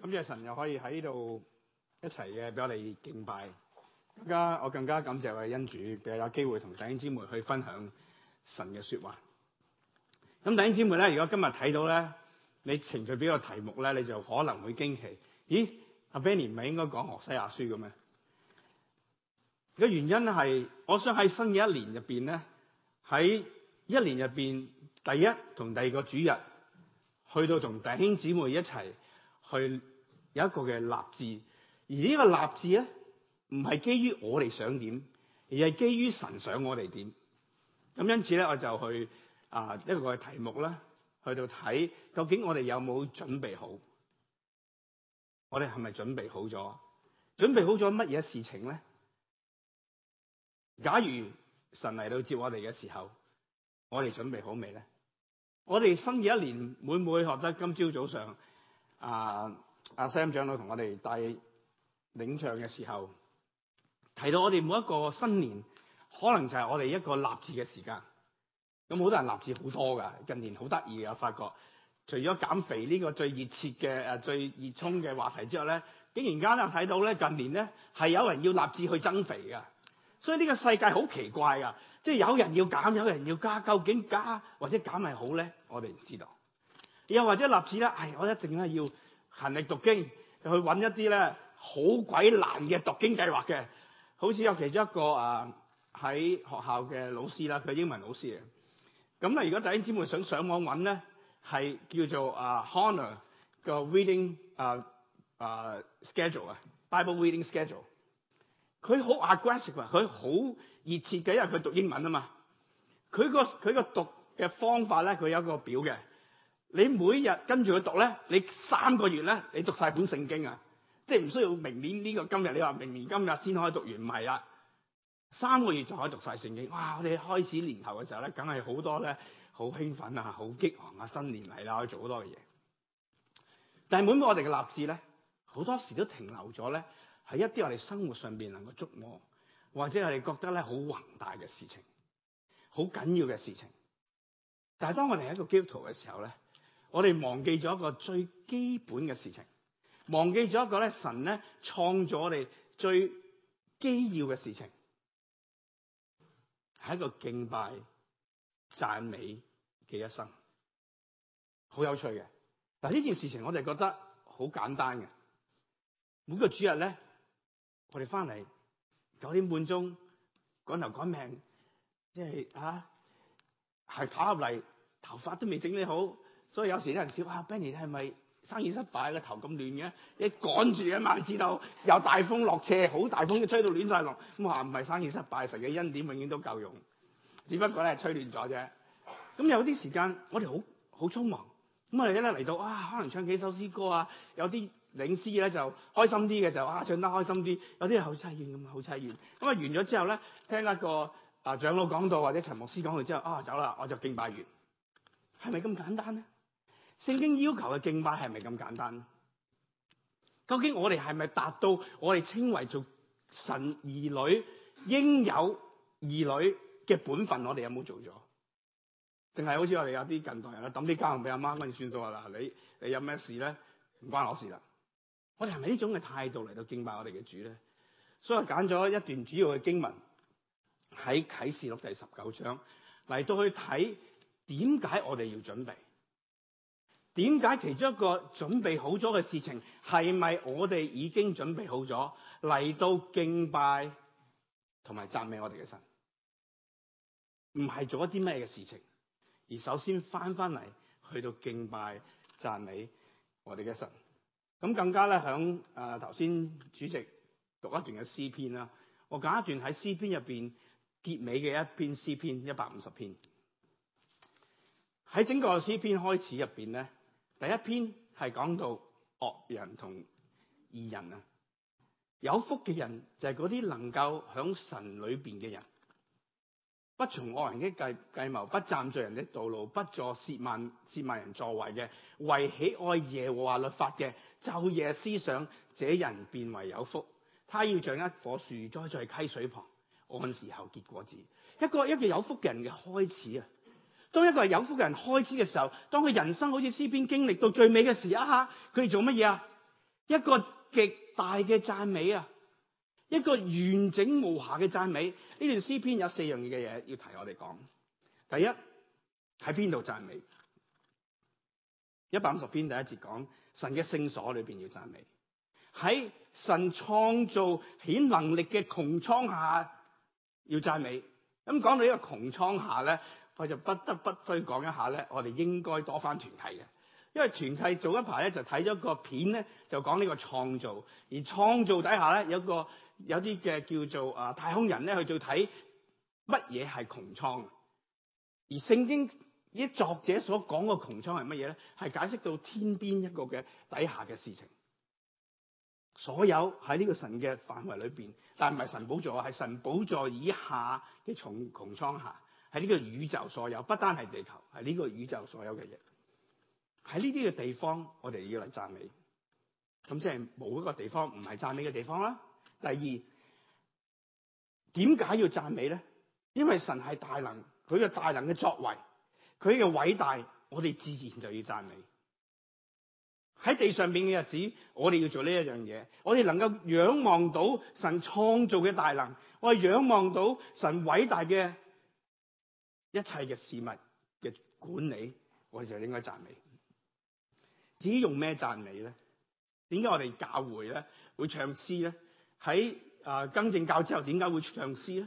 咁，即係神又可以喺呢度一齊嘅，俾我哋敬拜。更加我更加感謝我嘅恩主，俾我有機會同弟兄姊妹去分享神嘅說話。咁弟兄姊妹咧，如果今日睇到咧，你情緒表嘅題目咧，你就可能會驚奇。咦，阿 Benny 唔係應該講何西阿書嘅咩？個原因係，我想喺新嘅一年入面咧，喺一年入面第一同第二個主日，去到同弟兄姊妹一齊。去有一個嘅立志，而呢個立志咧，唔係基於我哋想點，而係基於神想我哋點。咁因此咧，我就去啊呢個嘅題目啦，去到睇究竟我哋有冇準備好？我哋係咪準備好咗？準備好咗乜嘢事情咧？假如神嚟到接我哋嘅時候，我哋準備好未咧？我哋新嘅一年會唔會學得今朝早上？啊！阿、啊、Sam 長老同我哋帶領唱嘅時候，提到我哋每一個新年，可能就係我哋一個立志嘅時間，咁好多人立志好多噶，近年好得意啊！發覺除咗減肥呢個最熱切嘅、誒最熱衷嘅話題之外咧，竟然間咧睇到咧近年咧係有人要立志去增肥嘅。所以呢個世界好奇怪噶，即係有人要減，有人要加，究竟加或者減係好咧？我哋唔知道。又或者立志咧，唉、哎，我一定係要勤力讀經，就去揾一啲咧好鬼難嘅讀經計劃嘅。好似有其中一個啊喺、呃、學校嘅老師啦，佢英文老師啊。咁、嗯、咧，如果弟兄姊妹想上網揾咧，係叫做啊 Honor 嘅 reading 啊啊 schedule 啊 Bible reading schedule。佢好 aggressive 啊，佢好熱切嘅，因為佢讀英文啊嘛。佢個佢個讀嘅方法咧，佢有一個表嘅。你每日跟住佢讀咧，你三個月咧，你讀晒本聖經啊！即係唔需要明年呢個今日，你話明年今日先可以讀完唔係啦，三個月就可以讀晒聖經。哇！我哋開始年頭嘅時候咧，梗係好多咧，好興奮啊，好激昂啊，新年嚟啦，可以做好多嘅嘢。但係每個我哋嘅立志咧，好多時都停留咗咧，喺一啲我哋生活上邊能夠觸摸，或者我哋覺得咧好宏大嘅事情，好緊要嘅事情。但係當我哋喺度 journey 嘅時候咧，我哋忘記咗一個最基本嘅事情，忘記咗一個咧，神咧創咗我哋最基要嘅事情，係一個敬拜讚美嘅一生，好有趣嘅。但係呢件事情我哋覺得好簡單嘅，每個主日咧，我哋翻嚟九點半鐘趕頭趕命，即係啊，係跑入嚟，頭髮都未整理好。所以有時啲人笑話、啊，Benny 你係咪生意失敗個頭咁亂嘅？一趕住啊，萬事到有大風落斜，好大風吹到亂晒龍。咁啊唔係生意失敗，神嘅恩典永遠都夠用。只不過咧吹亂咗啫。咁有啲時間我哋好好匆忙，咁啊一咧嚟到啊，可能唱幾首詩歌啊。有啲領詩咧就開心啲嘅就啊唱得開心啲，有啲好悽怨咁好悽怨。咁啊完咗之後咧，聽一個啊長老講道，或者陳牧師講道之後啊走啦，我就敬拜完。係咪咁簡單咧？聖經要求嘅敬拜係咪咁簡單？究竟我哋係咪達到我哋稱為做神兒女應有兒女嘅本分？我哋有冇做咗？定係好似我哋有啲近代人啦，抌啲家務俾阿媽，嗰陣算數啦。嗱，你你有咩事咧？唔關我事啦。我哋係咪呢種嘅態度嚟到敬拜我哋嘅主咧？所以，我揀咗一段主要嘅經文喺啟示錄第十九章嚟到去睇點解我哋要準備。點解其中一個準備好咗嘅事情，係咪我哋已經準備好咗嚟到敬拜同埋讚美我哋嘅神？唔係做一啲咩嘅事情，而首先翻翻嚟去到敬拜讚美我哋嘅神。咁更加咧響誒頭先主席讀一段嘅詩篇啦，我揀一段喺詩篇入邊結尾嘅一篇詩篇一百五十篇。喺整個詩篇開始入邊咧。第一篇係講到惡人同義人啊，有福嘅人就係嗰啲能夠響神裏邊嘅人，不從惡人嘅計計謀，不站罪人嘅道路，不做褻慢褻慢人作為嘅，為喜愛耶和華律法嘅，晝夜思想這人變為有福。他要像一棵樹栽在溪水旁，按時候結果子。一個一個有福嘅人嘅開始啊！當一個係有福嘅人開始嘅時候，當佢人生好似詩篇經歷到最尾嘅時一刻，佢哋，啊，做乜嘢啊？一個極大嘅讚美啊，一個完整無瑕嘅讚美。呢段詩篇有四樣嘢嘅嘢要提我哋講。第一，喺邊度讚美？一百五十篇第一節講，神嘅聖所裏邊要讚美，喺神創造顯能力嘅穹蒼下要讚美。咁講到呢個穹蒼下咧。我就不得不推講一下咧，我哋應該多翻團契嘅。因為團契做一排咧，就睇咗個片咧，就講呢個創造，而創造底下咧，有個有啲嘅叫做啊太空人咧去做睇乜嘢係窮創，而聖經啲作者所講嘅窮創係乜嘢咧？係解釋到天邊一個嘅底下嘅事情，所有喺呢個神嘅範圍裏面，但唔係神寶座，係神寶座以下嘅從窮創下。喺呢個宇宙所有，不單係地球，係呢個宇宙所有嘅嘢。喺呢啲嘅地方，我哋要嚟讚美，咁即係冇一個地方唔係讚美嘅地方啦。第二，點解要讚美咧？因為神係大能，佢嘅大能嘅作為，佢嘅偉大，我哋自然就要讚美。喺地上面嘅日子，我哋要做呢一樣嘢，我哋能夠仰望到神創造嘅大能，我哋仰望到神偉大嘅。一切嘅事物嘅管理，我哋就應該讚美。至於用咩讚美咧？點解我哋教會咧會唱詩咧？喺啊更正教之後，點解會唱詩咧？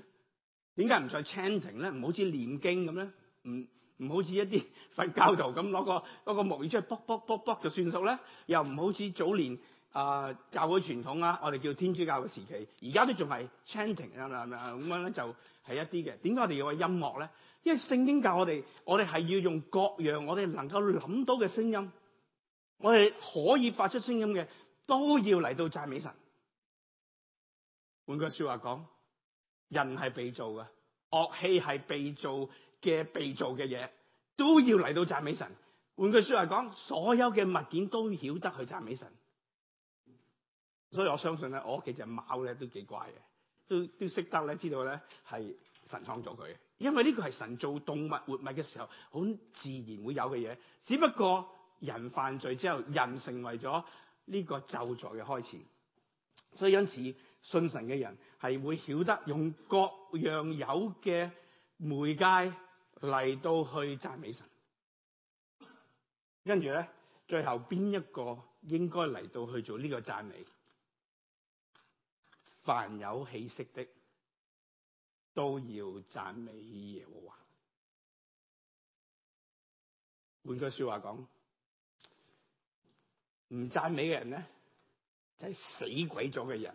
點解唔再 chanting 咧？唔好似念經咁咧？唔唔好似一啲佛教徒咁攞個個木魚出去卜卜卜卜就算數咧？又唔好似早年啊、呃、教會傳統啊，我哋叫天主教嘅時期，而家都仲係 chanting 啊咁樣咧，就係、是、一啲嘅。點解我哋要有一個音樂咧？因為聖經教我哋，我哋係要用各樣我哋能夠諗到嘅聲音，我哋可以發出聲音嘅，都要嚟到讚美神。換句說話講，人係被造嘅，樂器係被造嘅，被造嘅嘢都要嚟到讚美神。換句說話講，所有嘅物件都曉得去讚美神。所以我相信咧，我屋企隻貓咧都幾怪嘅，都都識得咧知道咧係神創造佢。因為呢個係神做動物活物嘅時候好自然會有嘅嘢，只不過人犯罪之後，人成為咗呢個咒詛嘅開始。所以因此，信神嘅人係會曉得用各樣有嘅媒介嚟到去讚美神。跟住咧，最後邊一個應該嚟到去做呢個讚美？凡有氣息的。都要讚美耶和華。換句說話講，唔讚美嘅人咧，就係死鬼咗嘅人。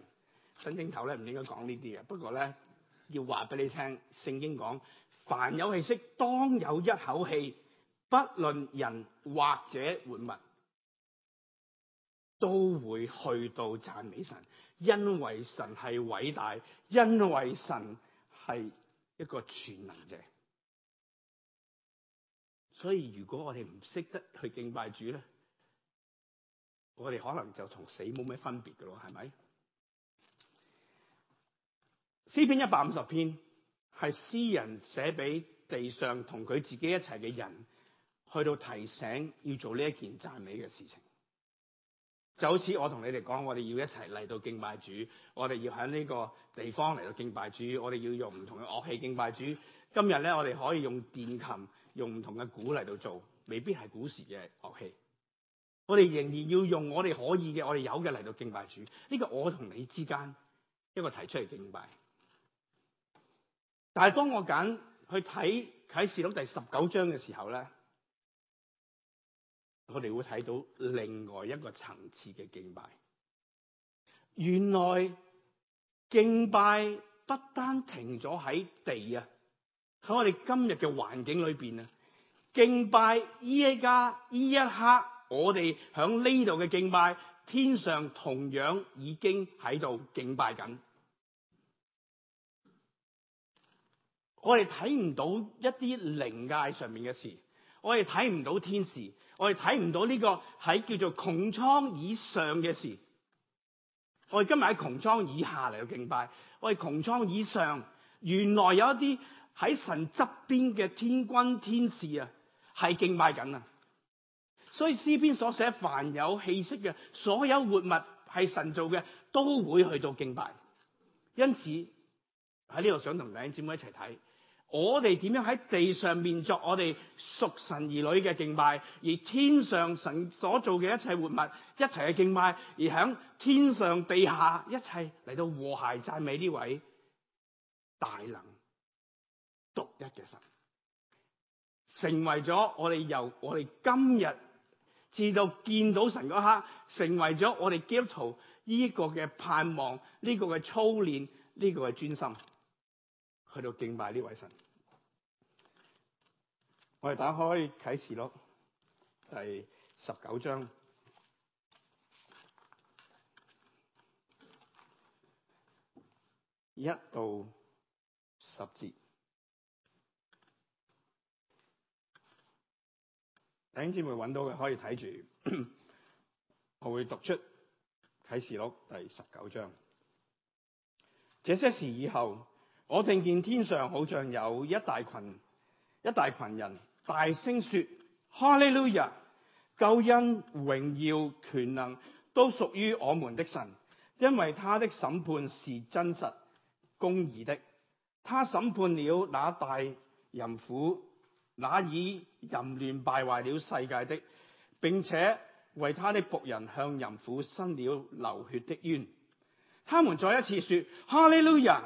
新枕頭咧唔應該講呢啲嘅，不過咧要話俾你聽，聖經講凡有氣息，當有一口氣，不論人或者活物，都會去到讚美神，因為神係偉大，因為神，係一個全能者，所以如果我哋唔識得去敬拜主咧，我哋可能就同死冇咩分別㗎咯，係咪？詩篇一百五十篇係詩人寫俾地上同佢自己一齊嘅人，去到提醒要做呢一件讚美嘅事情。就好似我同你哋講，我哋要一齊嚟到敬拜主，我哋要喺呢個地方嚟到敬拜主，我哋要用唔同嘅樂器敬拜主。今日咧，我哋可以用電琴，用唔同嘅鼓嚟到做，未必係古時嘅樂器。我哋仍然要用我哋可以嘅，我哋有嘅嚟到敬拜主。呢個我同你之間一個提出嚟敬拜。但係當我揀去睇啟示錄第十九章嘅時候咧。我哋會睇到另外一個層次嘅敬拜，原來敬拜不單停咗喺地啊，喺我哋今日嘅環境裏邊啊，敬拜依一家依一刻，我哋喺呢度嘅敬拜，天上同樣已經喺度敬拜緊。我哋睇唔到一啲靈界上面嘅事。我哋睇唔到天使，我哋睇唔到呢個係叫做穹蒼以上嘅事。我哋今日喺穹蒼以下嚟到敬拜，我哋穹蒼以上，原來有一啲喺神側邊嘅天軍天使啊，係敬拜緊啊。所以詩篇所寫，凡有氣息嘅所有活物，係神造嘅，都會去到敬拜。因此喺呢度想同兩姐妹一齊睇。我哋點樣喺地上面作我哋屬神兒女嘅敬拜，而天上神所做嘅一切活物一齊嘅敬拜，而響天上地下一切嚟到，和諧讚美呢位大能獨一嘅神，成為咗我哋由我哋今日至到見到神嗰刻，成為咗我哋基督徒呢個嘅盼望，呢個嘅操練，呢個嘅專心。去到敬拜呢位神，我哋打開啟示錄第十九章一到十節，弟兄姊妹揾到嘅可以睇住，我會讀出啟示錄第十九章，這些事以後。我聽見天上好像有一大群一大群人大聲說：哈利路亞！救恩、榮耀、權能都屬於我們的神，因為他的審判是真實公義的。他審判了那大淫婦，那以淫亂敗壞了世界的，並且為他的僕人向淫婦伸了流血的冤。他們再一次說：哈利路亞！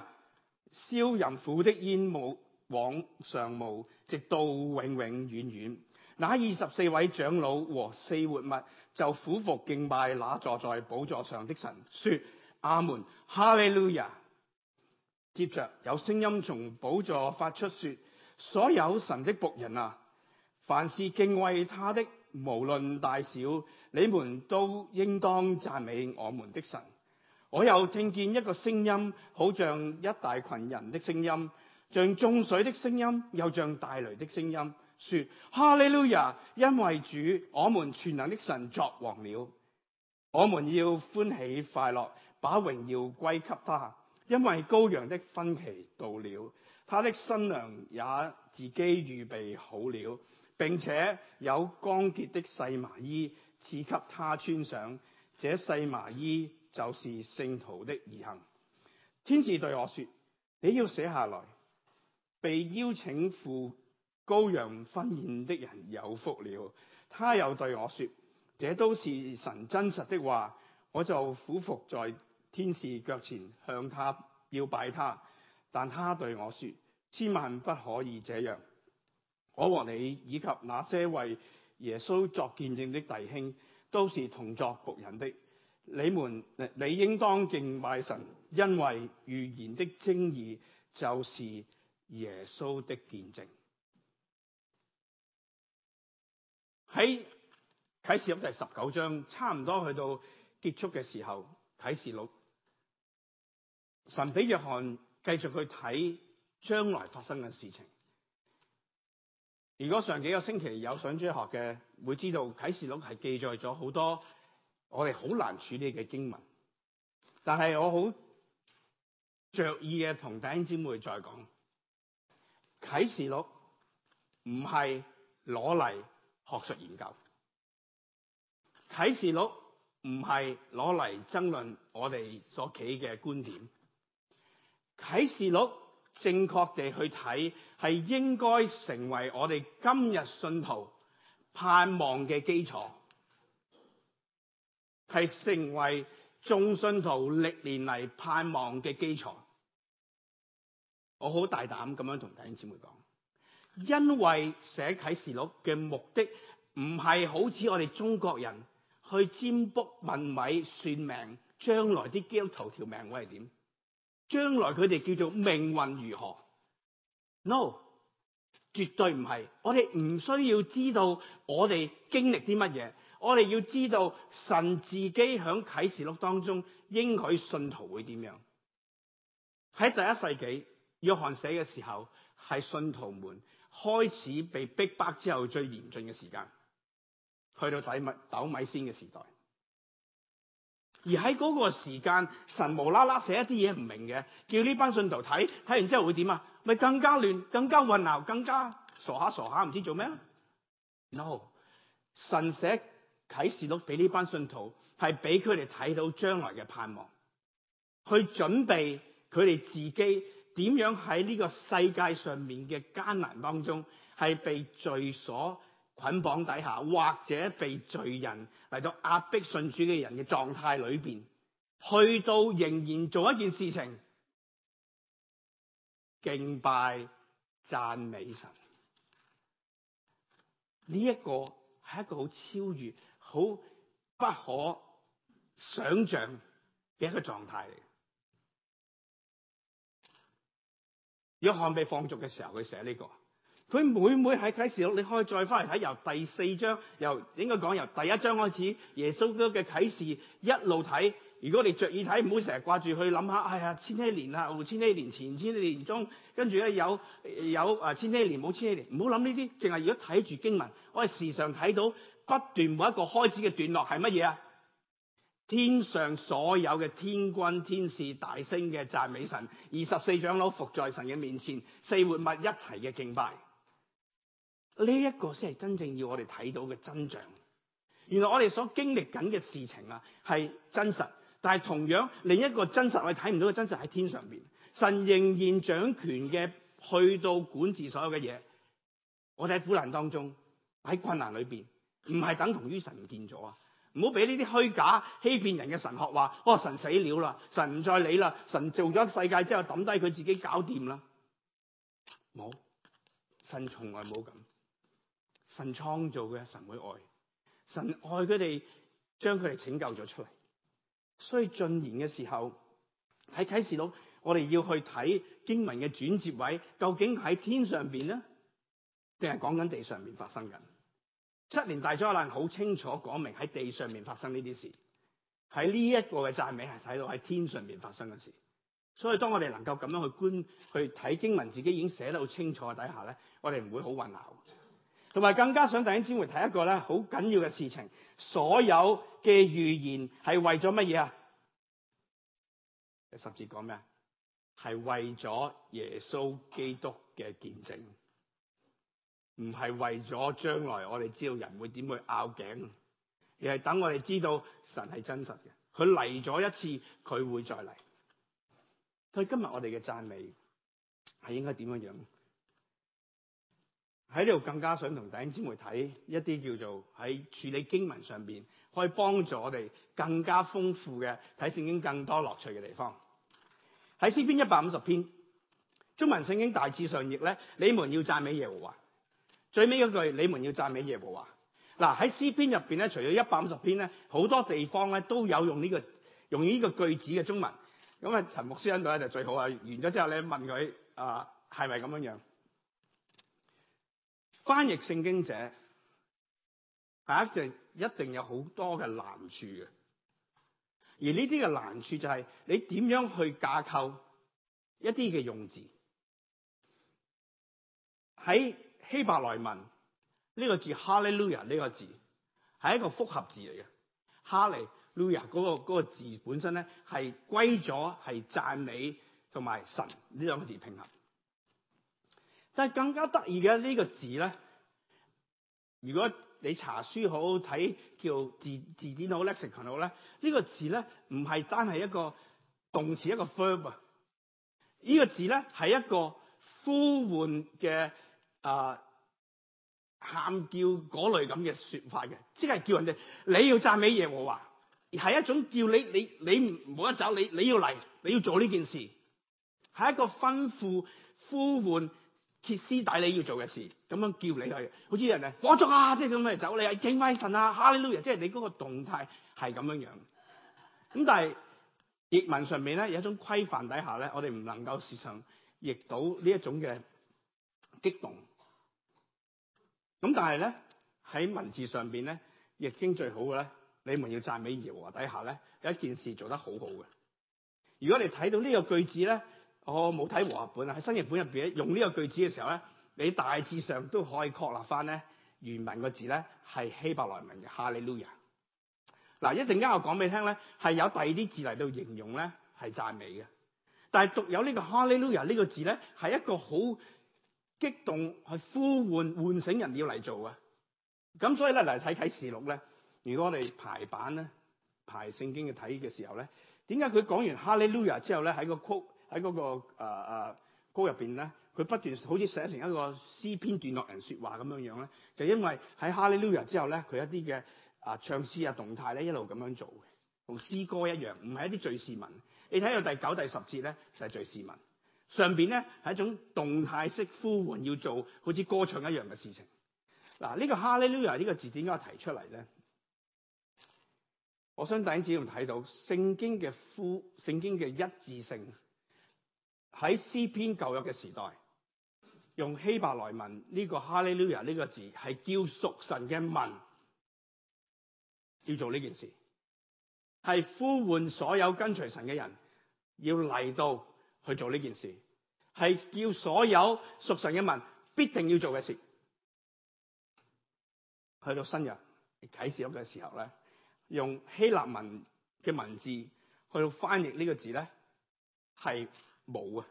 燒淫婦的煙霧往上冒，直到永永遠遠。那二十四位長老和四活物就俯伏敬拜那坐在寶座上的神，說：阿門，哈利路亞！接着有聲音從寶座發出，說：所有神的僕人啊，凡是敬畏他的，無論大小，你們都應當讚美我們的神。我又聽見一個聲音，好像一大群人的聲音，像眾水的聲音，又像大雷的聲音，說：哈利路亞！因為主我們全能的神作王了，我們要歡喜快樂，把榮耀歸給他，因為羔羊的婚期到了，他的新娘也自己預備好了，並且有光潔的細麻衣賜給他穿上，這細麻衣。就是聖徒的義行。天使對我說，你要寫下來被邀請赴羔羊婚宴的人有福了。他又對我說，這都是神真實的話，我就俯伏在天使腳前，向他要拜他。但他對我說，千萬不可以這樣，我和你以及那些為耶穌作見證的弟兄，都是同作僕人的。你們你應當敬拜神，因為預言的精義就是耶穌的見證。喺啟示錄第十九章，差唔多去到結束嘅時候，啟示錄神俾約翰繼續去睇將來發生嘅事情。如果上幾個星期有上主學嘅，會知道啟示錄係記載咗好多。我哋好難處理嘅經文，但係我好着意嘅同弟兄姊妹再講啟示錄，唔係攞嚟學術研究，啟示錄唔係攞嚟爭論我哋所企嘅觀點，啟示錄正確地去睇，係應該成為我哋今日信徒盼望嘅基礎。係成為眾信徒歷年嚟盼望嘅基礎。我好大膽咁樣同弟兄姊妹講，因為寫啟示錄嘅目的唔係好似我哋中國人去占卜、問米、算命，將來啲基督徒條命會係點？將來佢哋叫做命運如何？No，絕對唔係。我哋唔需要知道我哋經歷啲乜嘢。我哋要知道神自己響啟示錄當中應許信徒會點樣？喺第一世紀約翰寫嘅時候，係信徒們開始被逼迫之後最嚴峻嘅時間，去到米斗米先嘅時代。而喺嗰個時間，神無啦啦寫一啲嘢唔明嘅，叫呢班信徒睇，睇完之後會點啊？咪更加亂、更加混淆、更加傻下傻下，唔知做咩？No，神寫。啟示錄俾呢班信徒係俾佢哋睇到將來嘅盼望，去準備佢哋自己點樣喺呢個世界上面嘅艱難當中，係被罪所捆綁底下，或者被罪人嚟到壓迫信主嘅人嘅狀態裏邊，去到仍然做一件事情敬拜讚美神，呢一個係一個好超越。好不可想象嘅一個狀態嚟嘅。約翰被放逐嘅時候，佢寫呢、這個，佢每每喺啟示錄，你可以再翻嚟睇，由第四章，由應該講由第一章開始，耶穌基督嘅啟示一路睇。如果你着意睇，唔好成日掛住去諗下，哎呀千禧年啊，千禧年前、千禧年中，跟住咧有有啊千禧年冇千禧年，唔好諗呢啲，淨係如果睇住經文，我哋時常睇到不斷每一個開始嘅段落係乜嘢啊？天上所有嘅天軍天使大聲嘅讚美神，二十四長老伏在神嘅面前，四活物一齊嘅敬拜，呢一個先係真正要我哋睇到嘅真相。原來我哋所經歷緊嘅事情啊，係真實。但係同樣另一個真實，我哋睇唔到嘅真實喺天上邊，神仍然掌權嘅，去到管治所有嘅嘢。我哋喺苦難當中，喺困難裏邊，唔係等同於神唔見咗啊！唔好俾呢啲虛假欺騙人嘅神學話：哦，神死了啦，神唔再理啦，神做咗世界之後抌低佢自己搞掂啦。冇，神從來冇咁。神創造嘅，神會愛，神愛佢哋，將佢哋拯救咗出嚟。所以進言嘅時候，喺啟示錄，我哋要去睇經文嘅轉接位，究竟喺天上邊咧？定係講緊地上面發生緊？七年大災難好清楚講明喺地上面發生呢啲事，喺呢一個嘅讚美係睇到喺天上邊發生嘅事。所以當我哋能夠咁樣去觀去睇經文，自己已經寫得好清楚嘅底下咧，我哋唔會好混淆。同埋更加想弟兄姊妹睇一個咧，好緊要嘅事情。所有嘅預言係為咗乜嘢啊？第十節講咩？係為咗耶穌基督嘅見證，唔係為咗將來我哋知道人會點去拗頸，而係等我哋知道神係真實嘅。佢嚟咗一次，佢會再嚟。所以今日我哋嘅讚美係應該點樣樣？喺呢度更加想同弟兄姊妹睇一啲叫做喺處理經文上邊，可以幫助我哋更加豐富嘅睇聖經更多樂趣嘅地方。喺詩篇一百五十篇，中文聖經大致上譯咧，你們要讚美耶和華，最尾一句，你們要讚美耶和華。嗱，喺詩篇入邊咧，除咗一百五十篇咧，好多地方咧都有用呢個用呢個句子嘅中文。咁啊，陳牧師喺度咧就最好啊。完咗之後咧問佢啊，係咪咁樣樣？翻譯聖經者係一定一定有好多嘅難處嘅。而呢啲嘅難處就係你點樣去架構一啲嘅用字，喺希伯來文，呢個字哈利路亞，呢個字係一個複合字嚟嘅。哈利路亞嗰個嗰個字本身咧，係歸咗係讚美同埋神呢兩個字拼合。但係更加得意嘅呢個字咧，如果你查書好、睇叫字字典好、lexicon 好咧，呢、呢個字咧唔係單係一個動詞一個 verb，呢個字咧係一個呼喚嘅啊、呃、喊叫嗰類咁嘅說法嘅，即係叫人哋你要讚美耶和華，而係一種叫你你你唔好一走，你你要嚟你要做呢件事，係一個吩咐呼喚。歇斯底里要做嘅事，咁樣叫你去，好似人哋火燭啊，即係咁樣嚟走你，敬拜神啊，哈利路亞！即係你嗰個動態係咁樣樣。咁但係譯文上面咧有一種規範底下咧，我哋唔能夠時常譯到呢一種嘅激動。咁但係咧喺文字上邊咧，譯經最好嘅咧，你們要讚美耶和華底下咧有一件事做得很好好嘅。如果你睇到呢個句子咧。我冇睇和合本啊，喺新譯本入邊咧，用呢個句子嘅時候咧，你大致上都可以確立翻咧原文個字咧係希伯來文嘅哈利路亞嗱。一陣間我講俾你聽咧，係有第二啲字嚟到形容咧係讚美嘅，但係獨有呢個哈利路亞呢個字咧係一個好激動去呼喚喚醒人要嚟做啊，咁所以咧嚟睇《啟示錄》咧，如果我哋排版咧排聖經嘅睇嘅時候咧，點解佢講完哈利路亞之後咧喺個括？喺嗰個誒歌入邊咧，佢不斷好似寫成一個詩篇段落人説話咁樣樣咧，就因為喺哈利路亞之後咧，佢一啲嘅啊唱詩啊動態咧一路咁樣做嘅，同詩歌一樣，唔係一啲敘事文。你睇到第九、第十節咧，就係敘事文。上邊咧係一種動態式呼喚要做，好似歌唱一樣嘅事情。嗱，呢個哈利路亞呢個字點解提出嚟咧？我相信弟兄姊妹睇到聖經嘅呼，聖經嘅一致性。喺詩篇教育嘅時代，用希伯來文呢、這個哈利 a h 呢個字，係叫屬神嘅民要做呢件事，係呼喚所有跟隨神嘅人要嚟到去做呢件事，係叫所有屬神嘅民必定要做嘅事。去到新約啟示屋嘅時候咧，用希臘文嘅文字去翻譯呢個字咧，係。冇啊！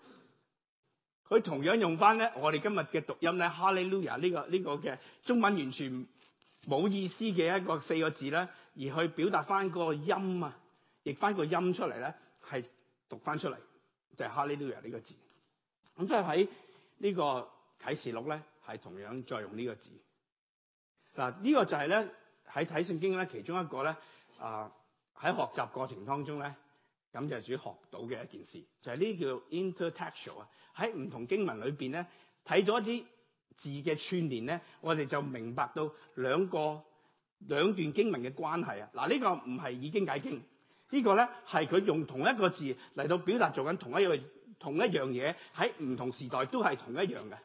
佢同樣用翻咧，我哋今日嘅讀音咧，哈利路亞呢個呢個嘅中文完全冇意思嘅一個四個字咧，而去表達翻個音啊，譯翻個音出嚟咧，係讀翻出嚟就係哈利路亞呢個字。咁即係喺呢個啟示錄咧，係同樣再用呢個字。嗱，呢個就係咧喺睇聖經咧，其中一個咧啊喺學習過程當中咧。咁就係主要學到嘅一件事，就係、是、呢叫 intertextual 啊。喺唔同經文裏面咧，睇咗一啲字嘅串連咧，我哋就明白到兩個兩段經文嘅關係啊。嗱，呢個唔係以經解經，這個、呢個咧係佢用同一個字嚟到表達做緊同，同一樣同一樣嘢，喺唔同時代都係同一樣嘅。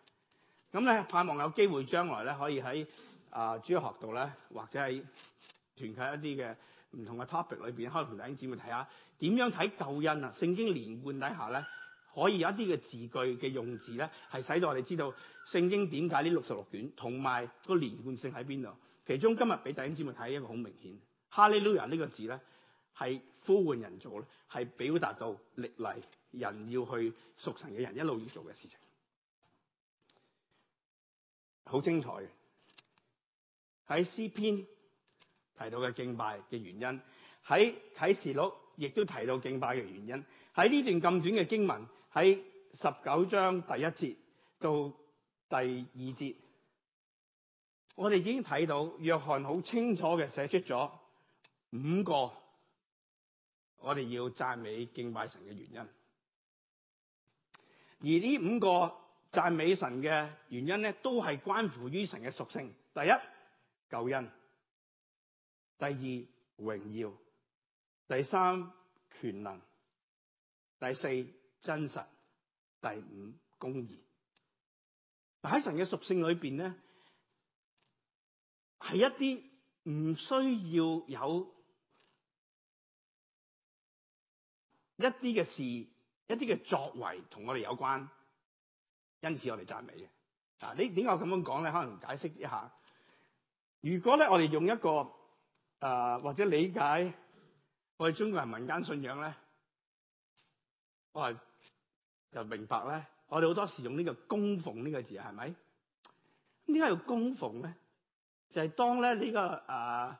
咁咧，盼望有機會將來咧可以喺啊、呃、主要學度咧，或者係團契一啲嘅。唔同嘅 topic 裏邊，可以同弟兄姊妹睇下點樣睇救恩啊？聖經連貫底下咧，可以有一啲嘅字句嘅用字咧，係使到我哋知道聖經點解呢六十六卷同埋個連貫性喺邊度？其中今日俾弟兄姊妹睇一個好明顯，哈利路亞呢個字咧，係呼喚人做咧，係表達到歷嚟人要去屬神嘅人一路要做嘅事情，好精彩嘅喺詩篇提到嘅敬拜嘅原因，喺啟示錄亦都提到敬拜嘅原因。喺呢段咁短嘅經文，喺十九章第一節到第二節，我哋已經睇到約翰好清楚嘅寫出咗五個我哋要讚美敬拜神嘅原因。而呢五個讚美神嘅原因咧，都係關乎於神嘅屬性。第一，救恩。第二，榮耀，第三，權能，第四，真實，第五，公義。喺神嘅屬性裏邊咧，係一啲唔需要有一啲嘅事，一啲嘅作為同我哋有關，因此我哋讚美嘅嗱。你點解我咁樣講咧？可能解釋一下。如果咧，我哋用一個。誒、呃、或者理解我哋中國人民間信仰咧，我係就明白咧。我哋好多時用呢、這個供奉、這個、字供奉呢個字係咪？點解要供奉咧？就係、是、當咧呢、這個誒誒、呃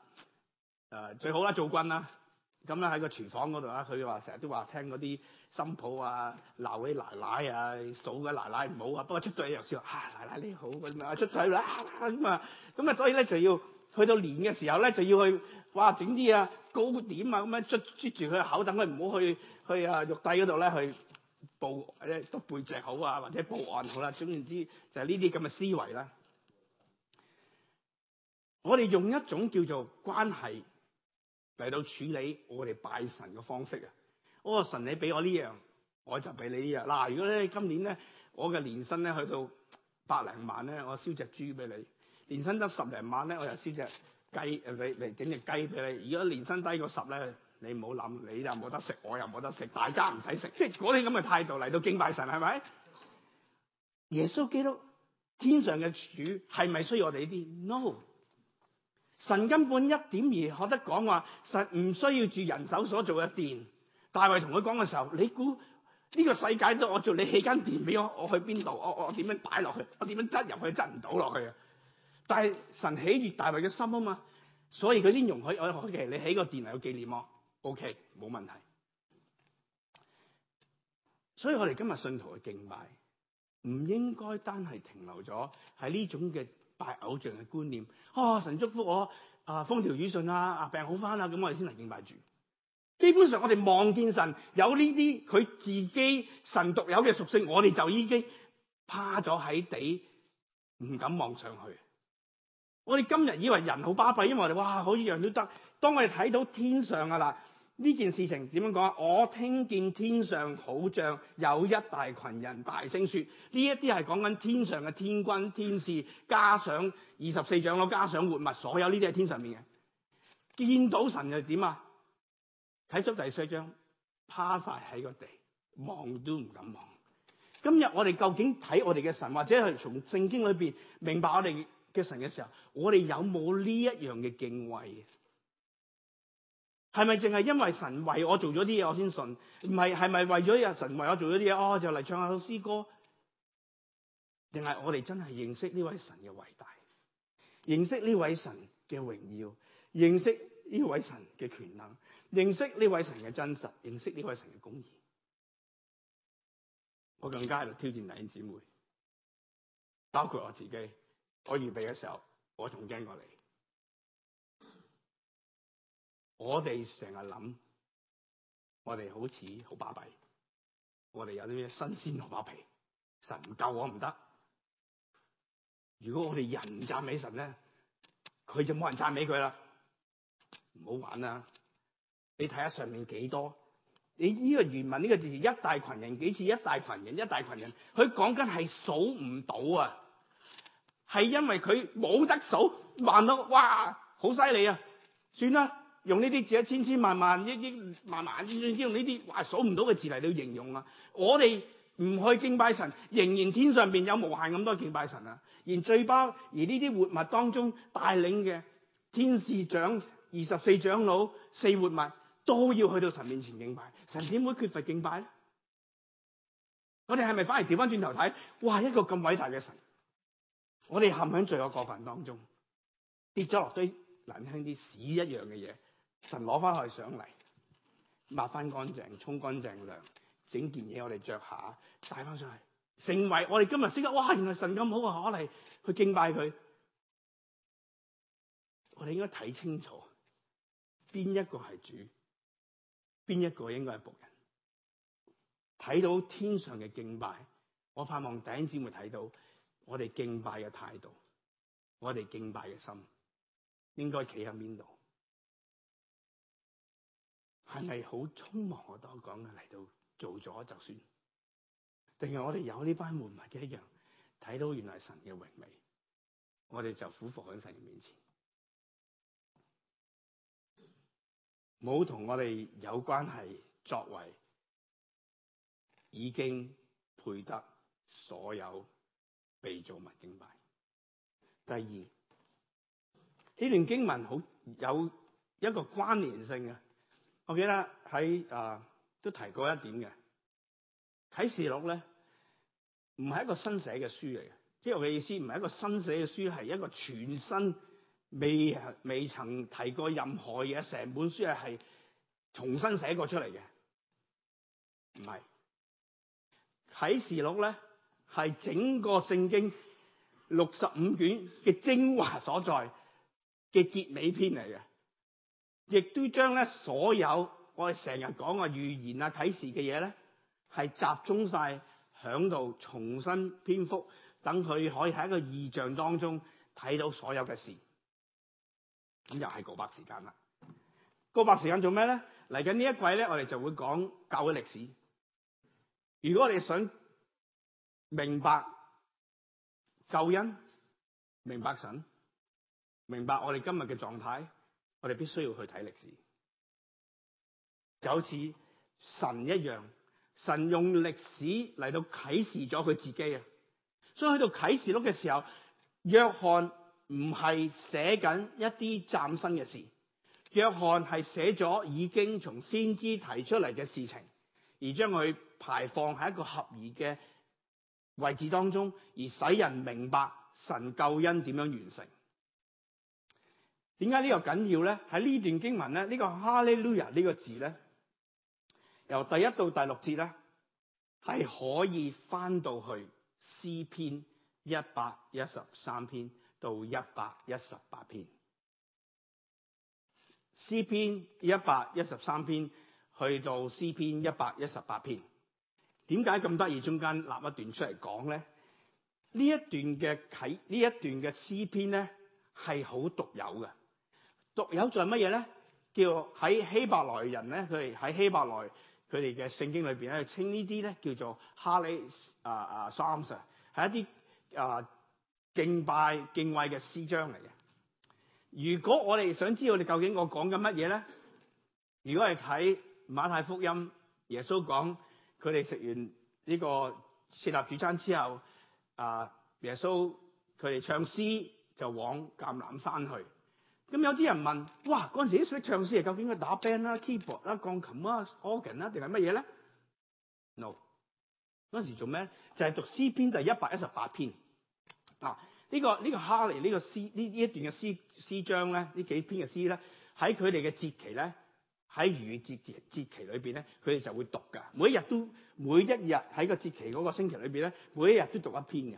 呃、最好啦，灶君啦，咁咧喺個廚房嗰度啦。佢話成日都話聽嗰啲新抱啊鬧嗰奶奶啊、數嘅奶奶唔好啊。不過出到嚟又笑啊，奶奶你好，咁啊出世啦咁啊，咁啊所以咧就要。去到年嘅時候咧，就要去哇，整啲啊糕點啊咁樣捉，捉捉住佢口，等佢唔好去去啊玉帝嗰度咧去報誒篤背脊好啊，或者報案好啦、啊。總言之，就係呢啲咁嘅思維啦。我哋用一種叫做關係嚟到處理我哋拜神嘅方式啊。哦，神你俾我呢、這、樣、個，我就俾你呢、這、樣、個。嗱、啊，如果咧今年咧，我嘅年薪咧去到百零萬咧，我燒隻豬俾你。年薪得十零萬咧，我又先隻雞你嚟整隻雞俾你。如果年薪低過十咧，你唔好諗，你又冇得食，我又冇得食，大家唔使食。即係嗰啲咁嘅態度嚟到敬拜神係咪？耶穌基督天上嘅主係咪需要我哋呢啲？No，神根本一點而可得講話，神唔需要住人手所做嘅殿。大衛同佢講嘅時候，你估呢個世界都我做你起間殿俾我，我去邊度？我我點樣擺落去？我點樣執入去？執唔到落去啊？但係神喜悅大衛嘅心啊嘛，所以佢先容許我哋可你起個殿嚟，有紀念咯，OK，冇問題。所以我哋今日信徒嘅敬拜，唔應該單係停留咗喺呢種嘅拜偶像嘅觀念。哦，神祝福我啊，風調雨順啊，啊病好翻啊，咁我哋先嚟敬拜住。基本上我哋望見神有呢啲佢自己神獨有嘅屬性，我哋就已經趴咗喺地，唔敢望上去。我哋今日以為人好巴閉，因為我哋哇，好似樣樣都得。當我哋睇到天上啊嗱，呢件事情點樣講啊？我聽見天上好像有一大群人大聲,聲說：呢一啲係講緊天上嘅天軍、天使，加上二十四長老，加上活物，所有呢啲係天上面嘅。見到神又點啊？睇出第四章，趴晒喺個地，望都唔敢望。今日我哋究竟睇我哋嘅神，或者係從聖經裏邊明白我哋？嘅神嘅時候，我哋有冇呢一樣嘅敬畏？係咪淨係因為神為我做咗啲嘢，我先信？唔係係咪為咗啊神為我做咗啲嘢哦，就嚟唱下首詩歌，定係我哋真係認識呢位神嘅偉大，認識呢位神嘅榮耀，認識呢位神嘅權能，認識呢位神嘅真實，認識呢位神嘅公義？我更加喺度挑戰弟兄姊妹，包括我自己。我預備嘅時候，我仲驚過你。我哋成日諗，我哋好似好巴閉。我哋有啲咩新鮮蘿蔔皮，神唔救我唔得。如果我哋人唔讚美神呢，佢就冇人讚美佢啦。唔好玩啦！你睇下上面幾多少？你呢個原文呢、呢個字是一大羣人，幾次，一大羣人、一大羣人。佢講緊係數唔到啊！係因為佢冇得數，慢到哇，好犀利啊！算啦，用呢啲字，千千萬萬、億億、萬萬、千千，用呢啲哇，數唔到嘅字嚟到形容啊！我哋唔去敬拜神，仍然天上邊有無限咁多敬拜神啊！而最包而呢啲活物當中帶領嘅天使長、二十四長老、四活物，都要去到神面前敬拜。神點會缺乏敬拜咧？我哋係咪反而調翻轉頭睇？哇！一個咁偉大嘅神！我哋陷響罪惡過犯當中跌咗落堆難聽啲屎一樣嘅嘢，神攞翻去上嚟抹翻乾淨，沖乾淨涼，整件嘢我哋着下帶翻上嚟，成為我哋今日識得哇！原來神咁好啊，我嚟去敬拜佢。我哋應該睇清楚邊一個係主，邊一個應該係僕人。睇到天上嘅敬拜，我盼望弟先會睇到。我哋敬拜嘅態度，我哋敬拜嘅心，應該企喺邊度？係咪好匆忙？我多講嘅嚟到，做咗就算，定係我哋有呢班門徒一樣，睇到原來神嘅榮美，我哋就俯伏喺神嘅面前，冇同我哋有關係，作為已經配得所有。未做埋敬拜。第二，呢段經文好有一個關聯性嘅。我記得喺啊、呃、都提過一點嘅，啟錄《啟示錄》咧唔係一個新寫嘅書嚟嘅，即係我嘅意思唔係一個新寫嘅書，係一個全新未未曾提過任何嘢，成本書係重新寫過出嚟嘅，唔係《啟示錄》咧。係整個聖經六十五卷嘅精華所在嘅結尾篇嚟嘅，亦都將咧所有我哋成日講嘅預言啊、啟示嘅嘢咧，係集中晒響度重新篇幅，等佢可以喺一個異象當中睇到所有嘅事。咁又係告白時間啦！告白時間做咩咧？嚟緊呢一季咧，我哋就會講教會歷史。如果你想，明白救恩，明白神，明白我哋今日嘅狀態，我哋必須要去睇歷史，就好似神一樣，神用歷史嚟到啟示咗佢自己啊！所以去到啟示錄嘅時候，約翰唔係寫緊一啲嶄新嘅事，約翰係寫咗已經從先知提出嚟嘅事情，而將佢排放喺一個合宜嘅。位置當中，而使人明白神救恩點樣完成？點解呢個緊要咧？喺呢段經文咧，呢個哈利路亞呢個字咧，由第一到第六節咧，係可以翻到去詩篇一百一十三篇到一百一十八篇。詩篇一百一十三篇去到詩篇一百一十八篇。點解咁得意？中間立一段出嚟講咧，呢一段嘅啟呢一段嘅詩篇咧係好獨有嘅，獨有在係乜嘢咧？叫喺希伯來人咧，佢哋喺希伯來佢哋嘅聖經裏邊咧，稱這些呢啲咧叫做哈利啊啊，sams 係一啲啊敬拜敬畏嘅詩章嚟嘅。如果我哋想知道你究竟我講緊乜嘢咧？如果係睇馬太福音，耶穌講。佢哋食完呢個設立主餐之後，啊，耶穌佢哋唱詩就往橄欖山去。咁有啲人問：哇，嗰陣時啲唱詩 band, 啊，究竟佢打 band 啦、keyboard 啦、啊、鋼琴啊、organ 啦、啊，定係乜嘢咧？No，嗰陣時做咩就係、是、讀詩篇，第一百一十八篇。嗱、啊，呢、這個呢、這個哈利呢、這個詩,詩,詩呢呢一段嘅詩章咧，呢幾篇嘅詩咧，喺佢哋嘅節期咧。喺逾越節節節期裏邊咧，佢哋就會讀㗎。每一日都，每一日喺個節期嗰個星期裏邊咧，每一日都讀一篇嘅。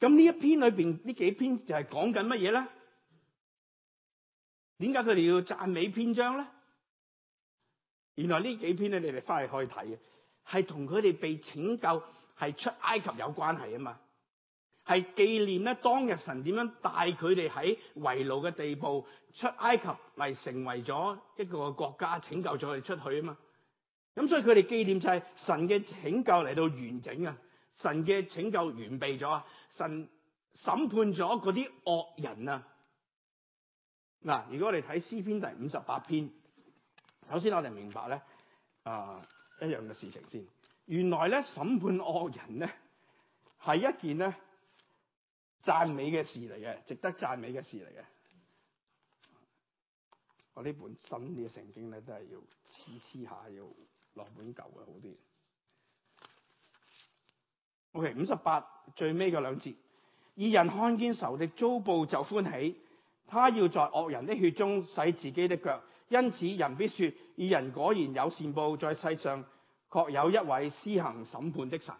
咁呢一篇裏邊呢幾篇就係講緊乜嘢咧？點解佢哋要讚美篇章咧？原來呢幾篇咧，你哋返去可以睇嘅，係同佢哋被拯救係出埃及有關係啊嘛。係紀念咧當日神點樣帶佢哋喺為奴嘅地步出埃及嚟，成為咗一個國家，拯救咗佢哋出去啊嘛！咁所以佢哋紀念就係神嘅拯救嚟到完整啊，神嘅拯救完備咗啊，神審判咗嗰啲惡人啊！嗱，如果我哋睇詩篇第五十八篇，首先我哋明白咧啊、呃、一樣嘅事情先，原來咧審判惡人咧係一件咧。讚美嘅事嚟嘅，值得讚美嘅事嚟嘅。我呢本新嘅聖經咧，都係要黐黐下，要落本舊嘅好啲。O.K. 五十八最尾嘅兩節，義人看見仇敵遭報就歡喜，他要在惡人的血中洗自己的腳，因此人必說：義人果然有善報，在世上確有一位施行審判的神。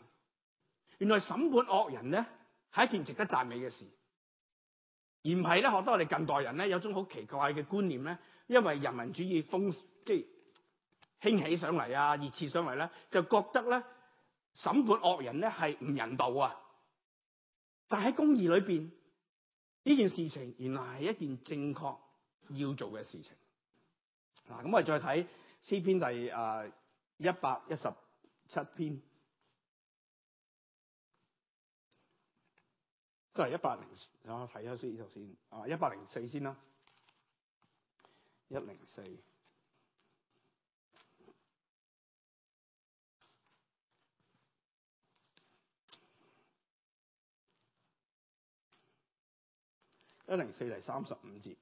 原來審判惡人呢。係一件值得讚美嘅事，而唔係咧，學得我哋近代人咧，有種好奇怪嘅觀念咧，因為人民主義風即係、就是、興起上嚟啊，熱刺上嚟咧，就覺得咧審判惡人咧係唔人道啊！但喺公義裏邊，呢件事情原來係一件正確要做嘅事情。嗱，咁我哋再睇詩篇第誒一百一十七篇。都係一百零啊。睇下先，讀先啊。一百零四先啦，一零四，一零四第三十五節。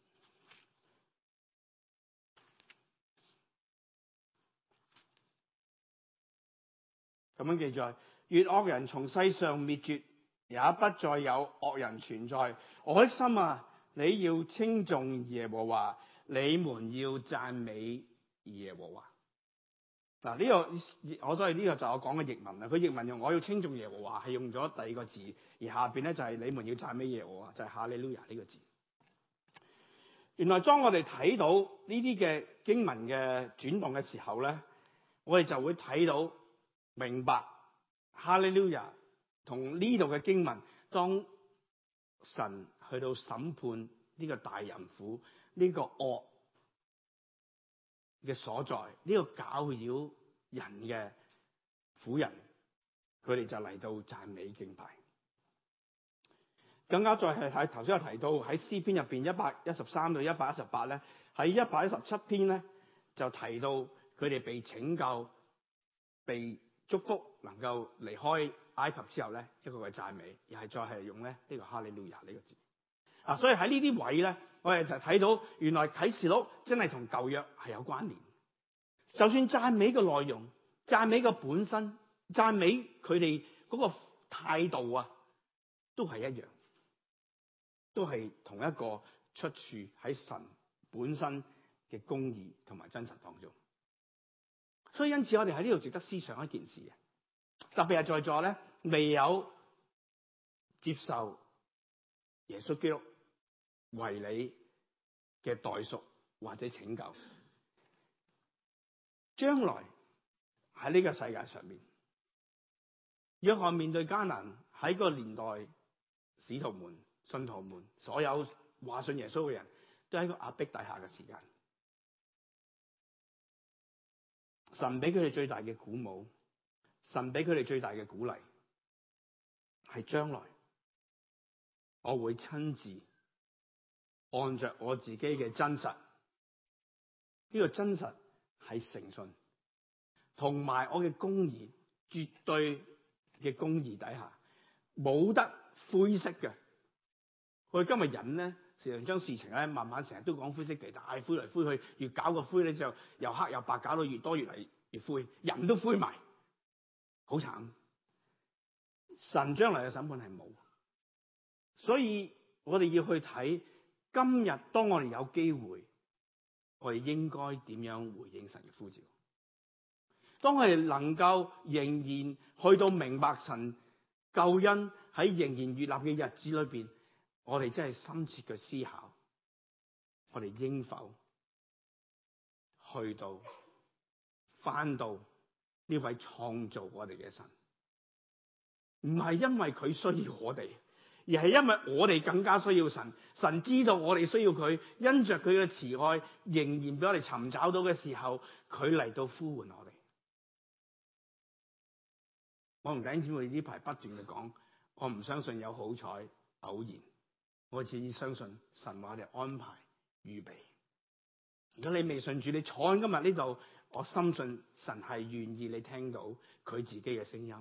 咁樣記載，越惡人從世上滅絕。也不再有惡人存在。我的心啊，你要稱頌耶和華，你們要讚美耶和華。嗱、這個，呢個我所以呢個就我講嘅譯文啦。佢譯文用我要稱頌耶和華係用咗第二個字，而下邊咧就係你們要讚美耶和華，就係哈利路亞呢個字。原來當我哋睇到呢啲嘅經文嘅轉動嘅時候咧，我哋就會睇到明白哈利路亞。Hallelujah, 同呢度嘅經文，當神去到審判呢個大淫婦，呢、這個惡嘅所在，呢、這個搞擾人嘅婦人，佢哋就嚟到讚美敬拜。更加再係喺頭先有提到喺詩篇入邊一百一十三到一百一十八咧，喺一百一十七篇咧就提到佢哋被拯救，被祝福，能夠離開。埃及之後咧，一個個讚美，又係再係用咧呢個哈利路亞呢個字啊！所以喺呢啲位咧，我哋就睇到原來啟示錄真係同舊約係有關聯。就算讚美嘅內容、讚美嘅本身、讚美佢哋嗰個態度啊，都係一樣，都係同一個出處喺神本身嘅公義同埋真實當中。所以因此，我哋喺呢度值得思想一件事嘅。特別係在座咧，未有接受耶穌基督為你嘅代贖或者拯救，將來喺呢個世界上面，約翰面對艱難，喺嗰個年代，使徒們、信徒們，所有話信耶穌嘅人都喺個壓迫底下嘅時間，神俾佢哋最大嘅鼓舞。神俾佢哋最大嘅鼓勵係將來。我會親自按着我自己嘅真實，呢個真實係誠信，同埋我嘅公義，絕對嘅公義底下冇得灰色嘅。我哋今日人咧，成日將事情咧慢慢成日都講灰色其實，唉灰嚟灰去，越搞個灰咧就由黑又白，搞到越多越嚟越灰，人都灰埋。好慘！神將來嘅審判係冇，所以我哋要去睇今日，當我哋有機會，我哋應該點樣回應神嘅呼召？當我哋能夠仍然去到明白神救恩喺仍然越立嘅日子裏面，我哋真係深切嘅思考，我哋應否去到返到？呢位創造我哋嘅神，唔係因為佢需要我哋，而係因為我哋更加需要神。神知道我哋需要佢，因着佢嘅慈愛，仍然俾我哋尋找到嘅時候，佢嚟到呼喚我哋。我同弟兄姊妹呢排不斷嘅講，我唔相信有好彩偶然，我只相信神話嘅安排預備。如果你未順住，你坐喺今日呢度。我深信神係願意你聽到佢自己嘅聲音，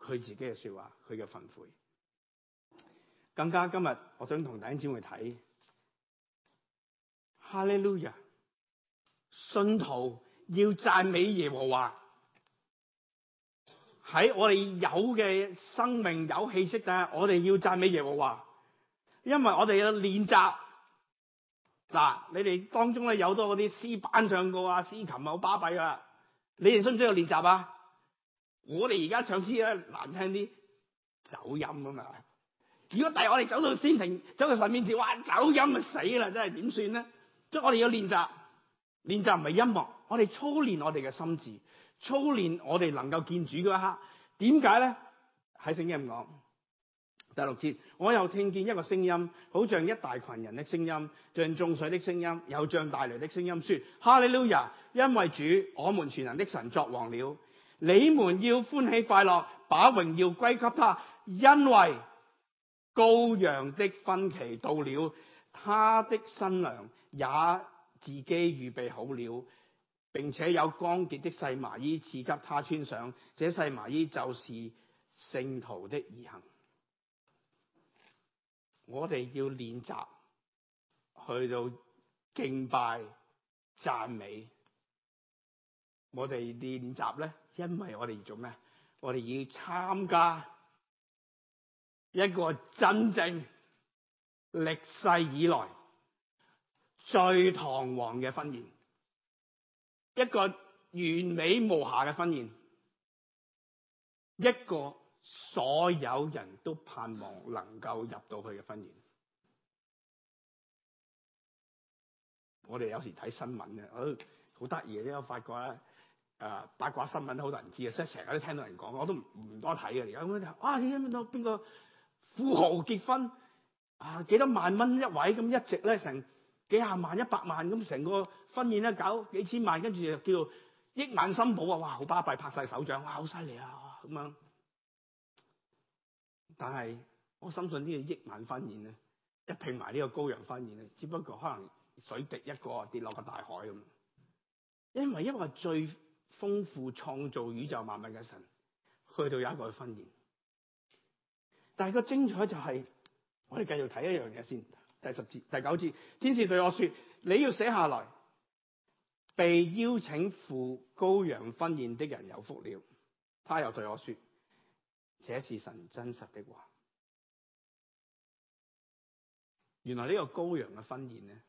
佢自己嘅說話，佢嘅訓誨。更加今日，我想同弟兄姊妹睇，哈利路亞！信徒要讚美耶和華。喺我哋有嘅生命有氣息，我哋要讚美耶和華，因為我哋要練習。嗱，你哋當中咧有好多嗰啲詩班唱過啊，詩琴啊好巴閉啊，你哋需唔需要練習啊？我哋而家唱詩咧難聽啲，走音啊嘛。如果第日我哋走到先停，走到神面前，哇，走音啊死啦！真係點算咧？即係我哋要練習，練習唔係音樂，我哋操練我哋嘅心智，操練我哋能夠見主嗰一刻。點解咧？喺聖經講。第六節，我又聽見一個聲音，好像一大群人的聲音，像眾水的聲音，又像大雷的聲音，說，哈利路亞，因為主，我們全能的神作王了。你們要歡喜快樂，把榮耀歸給他，因為羔羊的婚期到了，他的新娘也自己預備好了，並且有光潔的細麻衣賜給他穿上。這細麻衣就是聖徒的義行。我哋要練習去到敬拜讚美，我哋練習咧，因為我哋要做咩？我哋要參加一個真正歷世以來最堂皇嘅婚宴，一個完美無瑕嘅婚宴，一個。所有人都盼望能夠入到佢嘅婚宴。我哋有時睇新聞嘅，好好得意嘅，因為發覺咧，啊、呃、八卦新聞好多人知啊，即係成日都聽到人講，我都唔唔多睇嘅。而家咁就，啊，點解邊個邊個富豪結婚啊？幾多萬蚊一位咁一席咧，成幾廿萬、一百萬咁，成個婚宴咧搞幾千萬，跟住又叫做億萬新抱啊！哇，好巴閉，拍晒手掌，哇，好犀利啊咁樣。但係我深信這個億，呢個億萬婚宴咧，一拼埋呢個羔羊婚宴咧，只不過可能水滴一個跌落個大海咁。因為一個最豐富創造宇宙萬物嘅神，去到有一個婚宴。但係個精彩就係、是，我哋繼續睇一樣嘢先。第十節第九節，天使對我說：你要寫下來，被邀請赴羔羊婚宴的人有福了。他又對我說。這是神真實的話。原來這個的呢個羔羊嘅婚宴咧，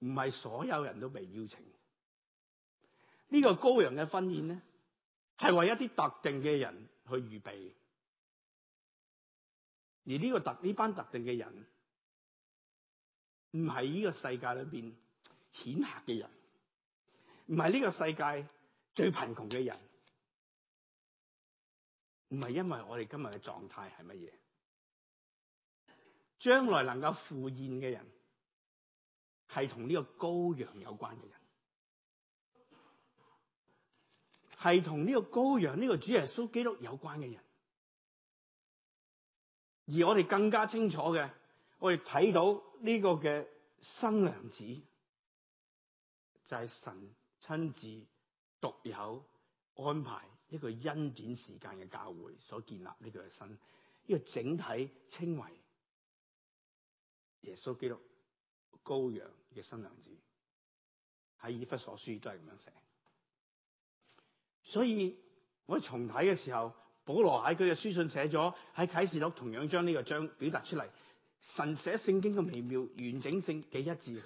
唔係所有人都被邀請。這個、的呢個羔羊嘅婚宴咧，係為一啲特定嘅人去預備。而呢個特呢班特定嘅人，唔係呢個世界裏邊顯赫嘅人，唔係呢個世界最貧窮嘅人。唔係因為我哋今日嘅狀態係乜嘢，將來能夠赴宴嘅人係同呢個羔羊有關嘅人，係同呢個羔羊呢、這個主耶穌基督有關嘅人。而我哋更加清楚嘅，我哋睇到呢個嘅新娘子就係、是、神親自獨有安排。一個恩典時間嘅教會所建立呢個新，呢、這個整體稱為耶穌基督羔羊嘅新娘子，喺以弗所書都係咁樣寫。所以我重睇嘅時候，保羅喺佢嘅書信寫咗，喺啟示錄同樣將呢個章表達出嚟。神寫聖經嘅微妙完整性幾一致，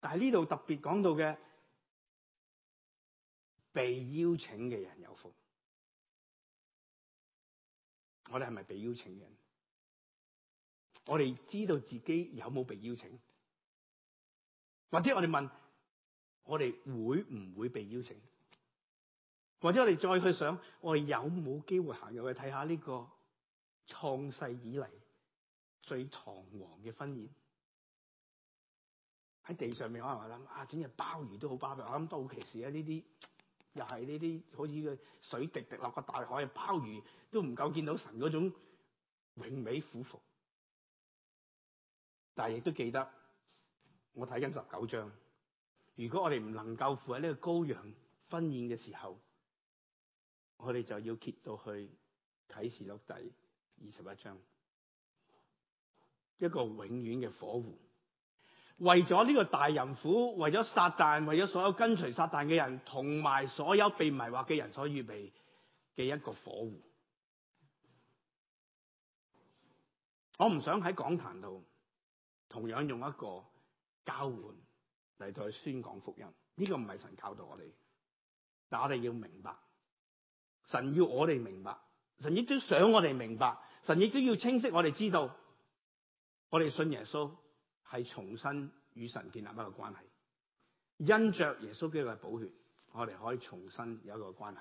但係呢度特別講到嘅。被邀請嘅人有福，我哋係咪被邀請嘅人？我哋知道自己有冇被邀請，或者我哋問，我哋會唔會被邀請？或者我哋再去想我們有有，我哋有冇機會行入去睇下呢個創世以嚟最堂皇嘅婚宴？喺地上面可能話諗啊，整隻鮑魚都好巴閉，我諗到期時啊呢啲。又係呢啲好似個水滴滴落個大海嘅鮑魚，都唔夠見到神嗰種永美俯伏。但係亦都記得，我睇緊十九章。如果我哋唔能夠附喺呢個羔羊婚宴嘅時候，我哋就要揭到去啟示錄第二十一章，一個永遠嘅火湖。為咗呢個大淫婦，為咗撒旦，為咗所有跟隨撒旦嘅人，同埋所有被迷惑嘅人所預備嘅一個火湖。我唔想喺講壇度同樣用一個交換嚟去宣講福音，呢、這個唔係神教導我哋，但我哋要明白，神要我哋明白，神亦都想我哋明白，神亦都要清晰我哋知道，我哋信耶穌。係重新與神建立一個關係，因着耶穌基督嘅寶血，我哋可以重新有一個關係，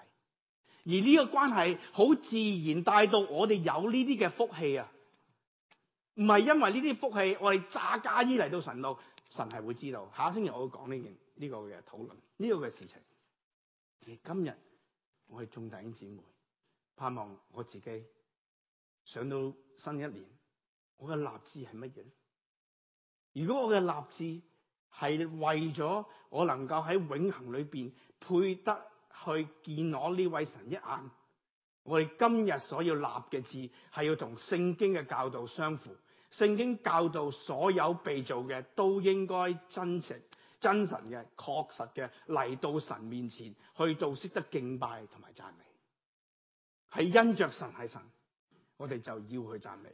而呢個關係好自然帶到我哋有呢啲嘅福氣啊！唔係因為呢啲福氣，我哋詐假意嚟到神度，神係會知道。下星期我會講呢件呢個嘅討論，呢個嘅事情。而今日我哋眾弟兄姊妹，盼望我自己上到新一年，我嘅立志係乜嘢？如果我嘅立志係為咗我能夠喺永恆裏邊配得去見我呢位神一眼，我哋今日所要立嘅志係要同聖經嘅教導相符。聖經教導所有被造嘅都應該真誠、真神嘅、確實嘅嚟到神面前，去到識得敬拜同埋讚美，係因着神係神，我哋就要去讚美。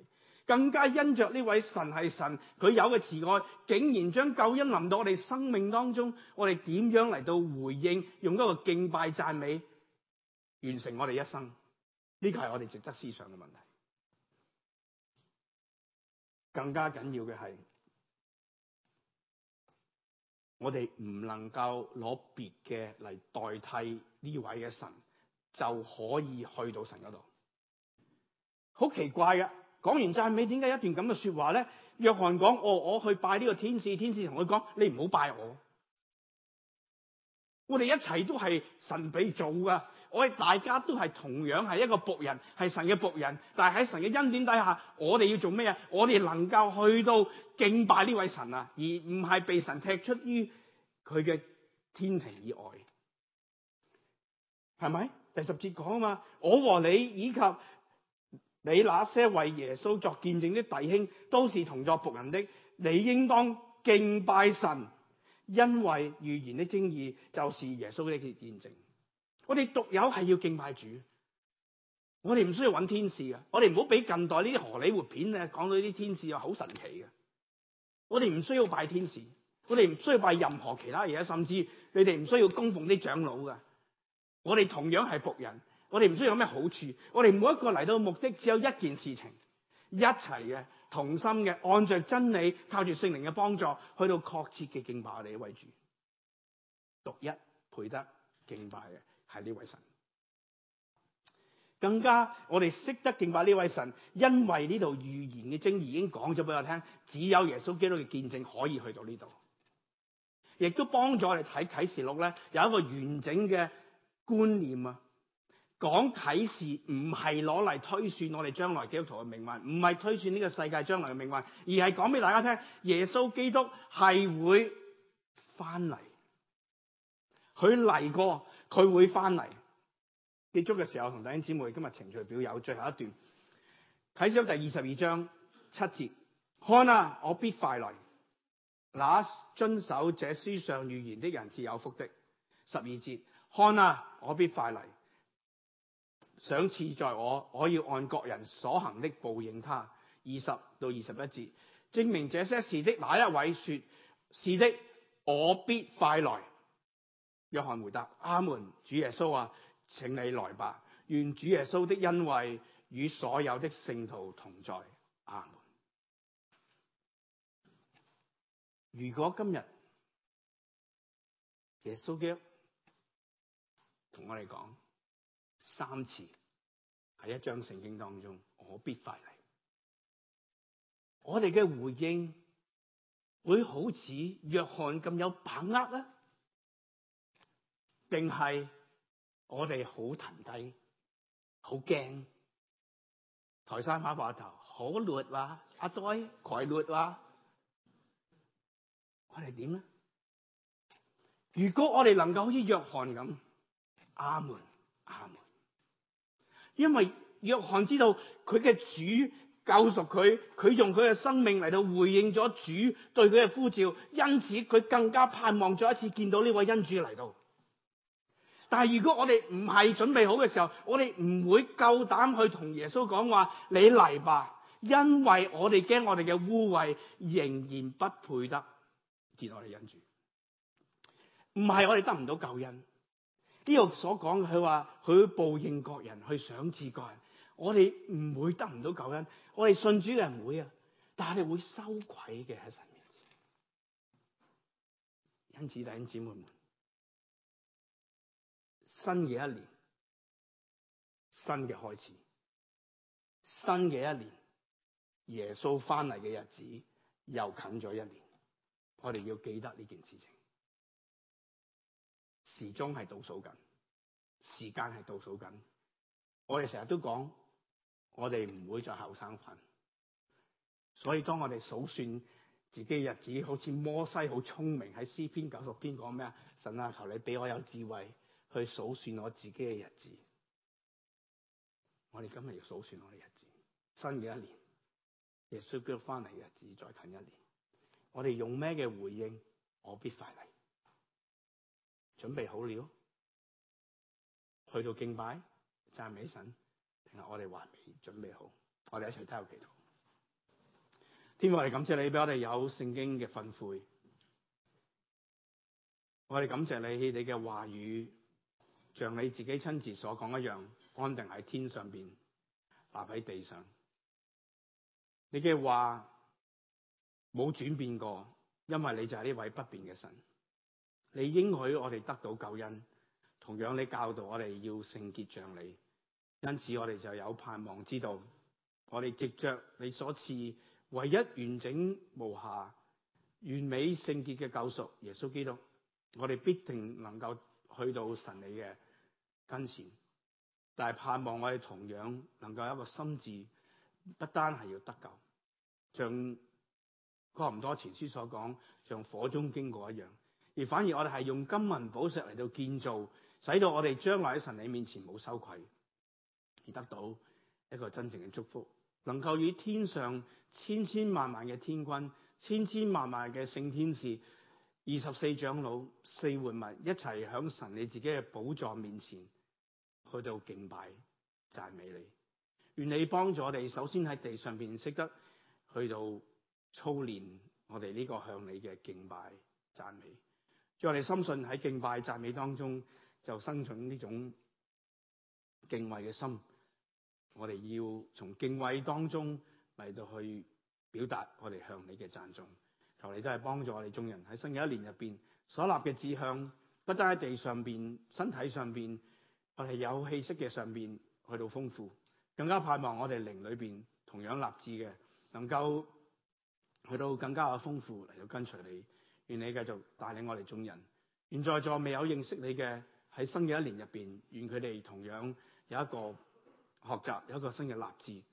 更加因着呢位神係神，佢有嘅慈愛，竟然將救恩臨到我哋生命當中，我哋點樣嚟到回應，用一個敬拜讚美，完成我哋一生？呢個係我哋值得思想嘅問題。更加緊要嘅係，我哋唔能夠攞別嘅嚟代替呢位嘅神，就可以去到神嗰度。好奇怪嘅！講完讚美，點解一段咁嘅說話咧？約翰講：我我去拜呢個天使，天使同佢講：你唔好拜我，我哋一齊都係神俾做噶，我哋大家都係同樣係一個僕人，係神嘅僕人。但係喺神嘅恩典底下，我哋要做咩啊？我哋能夠去到敬拜呢位神啊，而唔係被神踢出於佢嘅天庭以外，係咪？第十節講啊嘛，我和你以及。你那些為耶穌作見證的弟兄，都是同作僕人的。你應當敬拜神，因為預言的精義就是耶穌的見證。我哋獨有係要敬拜主，我哋唔需要揾天使。我哋唔好俾近代呢啲荷里活片講到呢啲天使又好神奇的。我哋唔需要拜天使，我哋唔需要拜任何其他嘢，甚至你哋唔需要供奉啲長老的。我哋同樣係僕人。我哋唔需要有咩好處，我哋每一個嚟到嘅目的，只有一件事情：一齊嘅同心嘅，按着真理，靠住聖靈嘅幫助，去到確切嘅敬拜。我哋嘅位主，獨一配得敬拜嘅係呢位神。更加我哋識得敬拜呢位神，因為呢度預言嘅精義已經講咗俾我聽，只有耶穌基督嘅見證可以去到呢度，亦都幫助我哋睇啟示錄咧，有一個完整嘅觀念啊！講啟示唔係攞嚟推算我哋將來基督徒嘅命運，唔係推算呢個世界將來嘅命運，而係講俾大家聽耶穌基督係會翻嚟。佢嚟過，佢會翻嚟。結束嘅時候同弟兄姊妹，今日程序表有最後一段，啟示錄第二十二章七節：看啊，我必快嚟。」嗱，遵守這書上預言的人是有福的。十二節：看啊，我必快嚟。」想賜在我，我要按各人所行的報應他。二十到二十一節，證明這些事的哪一位說：是的，我必快來。約翰回答：阿門，主耶穌啊，請你來吧，願主耶穌的恩惠與所有的聖徒同在。阿門。如果今日耶穌基督同我哋講，三次喺一章聖經當中，我必快嚟。我哋嘅回應會好似約翰咁有把握咧，定係我哋好騰低、好驚？台山話話頭可虐啦，阿呆，佢虐啦。我哋點咧？如果我哋能夠好似約翰咁，阿門，阿門。因為約翰知道佢嘅主救贖佢，佢用佢嘅生命嚟到回應咗主對佢嘅呼召，因此佢更加盼望再一次見到呢位恩主嚟到。但係如果我哋唔係準備好嘅時候，我哋唔會夠膽去同耶穌講話：你嚟吧，因為我哋驚我哋嘅污穢仍然不配得見到我哋恩主。唔係我哋得唔到救恩。呢度所講嘅，佢話佢會報應各人，去賞賜各人。我哋唔會得唔到救恩，我哋信主嘅人會啊，但係你會羞愧嘅喺神面前。因此弟兄姊妹們，新嘅一年，新嘅開始，新嘅一年，耶穌翻嚟嘅日子又近咗一年，我哋要記得呢件事情。時鐘係倒數緊，時間係倒數緊。我哋成日都講，我哋唔會再後生份。所以當我哋數算自己日子，好似摩西好聰明喺詩篇九十篇講咩啊？神啊，求你俾我有智慧去數算我自己嘅日子。我哋今日要數算我哋日子，新嘅一年，耶穌基督翻嚟嘅日子再近一年。我哋用咩嘅回應？我必快嚟。準備好了，去到敬拜讚美神，定係我哋還未準備好？我哋一齊睇下祈禱。天父，我哋感謝你俾我哋有聖經嘅訓誨，我哋感謝你，你嘅話語，像你自己親自所講一樣，安定喺天上邊，立喺地上。你嘅話冇轉變過，因為你就係呢位不變嘅神。你應許我哋得到救恩，同樣你教導我哋要聖潔像你，因此我哋就有盼望知道，我哋藉着你所賜唯一完整無瑕、完美聖潔嘅救贖耶穌基督，我哋必定能夠去到神你嘅跟前。但係盼望我哋同樣能夠有一個心志，不單係要得救，像哥林多前書所講，像火中經過一樣。而反而我哋係用金銀寶石嚟到建造，使到我哋將來喺神你面前冇羞愧，而得到一個真正嘅祝福，能夠與天上千千萬萬嘅天君、千千萬萬嘅聖天使、二十四長老、四活物一齊響神你自己嘅寶座面前去到敬拜讚美你。願你幫助我哋，首先喺地上面識得去到操練我哋呢個向你嘅敬拜讚美。就我哋深信喺敬拜讚美當中，就生存呢種敬畏嘅心。我哋要從敬畏當中嚟到去表達我哋向你嘅讚頌。求你都係幫助我哋眾人喺新嘅一年入邊所立嘅志向，不單喺地上邊、身體上邊，我哋有氣息嘅上邊去到豐富，更加盼望我哋靈裏邊同樣立志嘅，能夠去到更加嘅豐富嚟到跟隨你。願你繼續帶領我哋眾人，願在座未有認識你嘅喺新嘅一年入邊，願佢哋同樣有一個學習，有一個新嘅立志，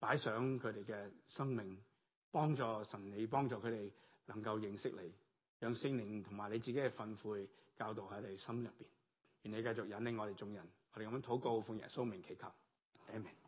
擺上佢哋嘅生命，幫助神你幫助佢哋能夠認識你，讓聖靈同埋你自己嘅訓誨教導喺你心入邊。願你繼續引領我哋眾人，我哋咁樣禱告，奉耶穌名祈求，阿門。